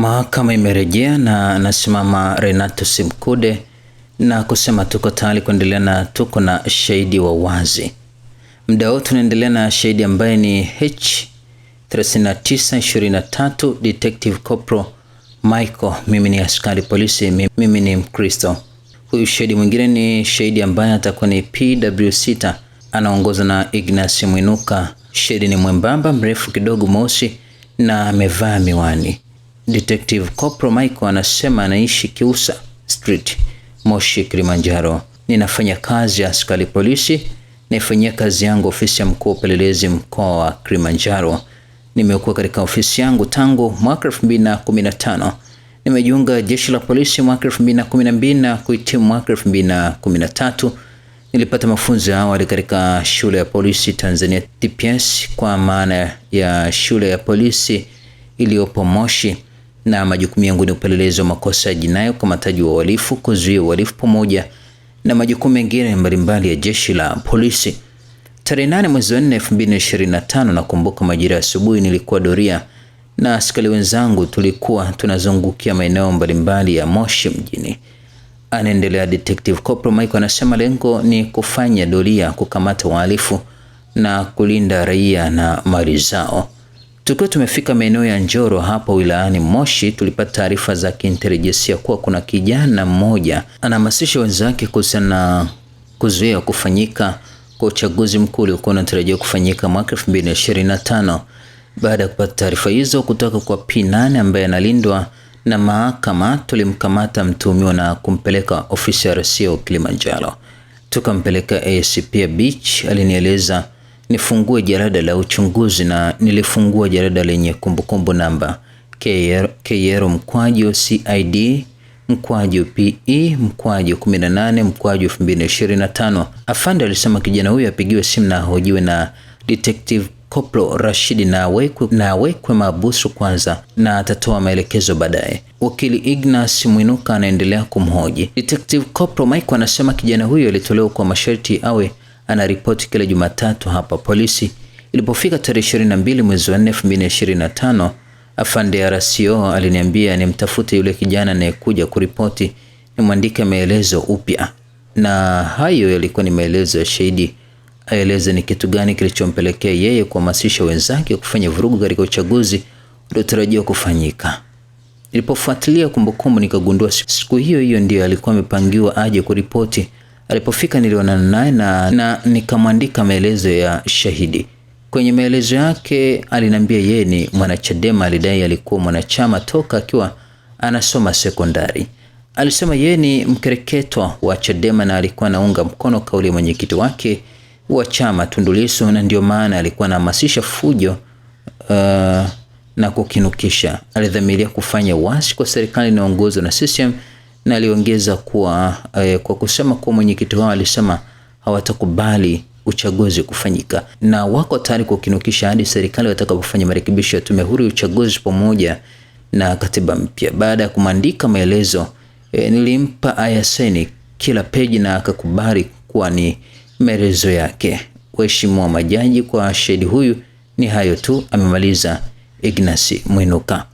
Mahakama imerejea na anasimama Renato Simkude na kusema tuko tayari kuendelea na tuko na shahidi wa wazi. Muda wote tunaendelea na shahidi ambaye ni H 3923 Detective Corporal Michael. Mimi ni askari polisi, mimi ni Mkristo. Huyu shahidi mwingine ni shahidi ambaye atakuwa ni PW6 anaongozwa na Ignas Mwinuka. Shahidi ni mwembamba mrefu kidogo, mosi na amevaa miwani. Detective Kopro Michael anasema anaishi Kiusa Street, Moshi, Kilimanjaro. Ninafanya kazi ya askari polisi, naifanyia kazi yangu ofisi ya mkuu wa upelelezi mkoa wa Kilimanjaro. Nimekuwa katika ofisi yangu tangu mwaka 2015. Nimejiunga jeshi la polisi mwaka 2012 na kuhitimu mwaka 2013. Nilipata mafunzo ya awali katika shule ya polisi Tanzania TPS, kwa maana ya shule ya polisi iliyopo Moshi na majukumu yangu ni upelelezi wa makosa ya jinai, ukamataji wa uhalifu, kuzuia uhalifu, pamoja na majukumu mengine mbalimbali ya jeshi la polisi. Tarehe nane mwezi wa nne 2025, na ishirini na tano nakumbuka majira ya asubuhi nilikuwa doria na askari wenzangu, tulikuwa tunazungukia maeneo mbalimbali ya Moshi mjini. Anaendelea Detective Corporal Michael anasema lengo ni kufanya doria, kukamata wahalifu na kulinda raia na mali zao. Tukiwa tumefika maeneo ya Njoro hapa wilayani Moshi, tulipata taarifa za kiintelijensia kuwa kuna kijana mmoja anahamasisha wenzake kuhusiana na kuzuia kufanyika kwa uchaguzi mkuu uliokuwa unatarajiwa kufanyika mwaka 2025. Baada ya kupata taarifa hizo kutoka kwa P8 ambaye analindwa na mahakama, tulimkamata mtuhumiwa na kumpeleka ofisi ya RCO Kilimanjaro, tukampeleka ACP ya Beach, alinieleza nifungue jarada la uchunguzi na nilifungua jarada lenye kumbukumbu namba KR, mkwaju CID mkwaju PE mkwaju 18 mkwaju 2025. Afande alisema kijana huyo apigiwe simu na ahojiwe na Detective Koplo Rashidi na awekwe na awekwe mabusu kwanza na atatoa maelekezo baadaye. Wakili Ignas Mwinuka anaendelea kumhoji. Detective Koplo Mike anasema kijana huyo alitolewa kwa masharti awe anaripoti kila Jumatatu hapa polisi. Ilipofika tarehe 22 mwezi wa 4 2025, afande RCO aliniambia nimtafute yule kijana anayekuja kuripoti nimwandike maelezo upya, na hayo yalikuwa ni maelezo ya shahidi aeleze ni kitu gani kilichompelekea yeye kuhamasisha wenzake kufanya vurugu katika uchaguzi uliotarajiwa kufanyika. Nilipofuatilia kumbukumbu, nikagundua siku hiyo hiyo ndiyo alikuwa amepangiwa aje kuripoti Alipofika nilionana naye na, na nikamwandika maelezo ya shahidi. Kwenye maelezo yake aliniambia yeye ni mwanachadema. Alidai alikuwa mwanachama toka akiwa anasoma sekondari. Alisema yeye ni mkereketwa wa Chadema na alikuwa anaunga mkono kauli ya mwenyekiti wake wa chama Tundu Lissu, na ndio maana alikuwa anahamasisha fujo uh, na kukinukisha. Alidhamiria kufanya uasi kwa serikali inayoongozwa na CCM na aliongeza kuwa e, kwa kusema kuwa mwenyekiti wao alisema hawatakubali uchaguzi kufanyika na wako tayari kukinukisha hadi serikali watakapofanya marekebisho ya tume huru ya uchaguzi pamoja na katiba mpya. Baada ya kumandika maelezo e, nilimpa Ayaseni kila peji na akakubali kuwa ni maelezo yake. Waheshimiwa majaji, kwa shahidi huyu ni hayo tu, amemaliza Ignasi Mwinuka.